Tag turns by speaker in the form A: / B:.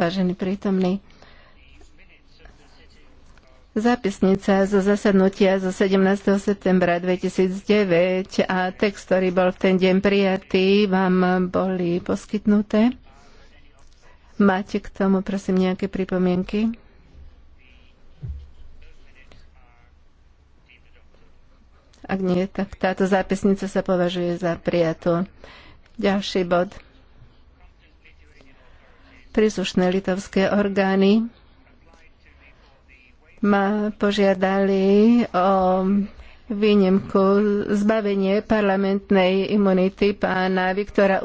A: vážení prítomní. Zápisnica zo zasadnutia zo 17. septembra 2009 a text, ktorý bol v ten deň prijatý, vám boli poskytnuté. Máte k tomu, prosím, nejaké pripomienky? Ak nie, tak táto zápisnica sa považuje za prijatú. Ďalší bod. Príslušné litovské orgány ma požiadali o výnimku zbavenie parlamentnej imunity pána Viktora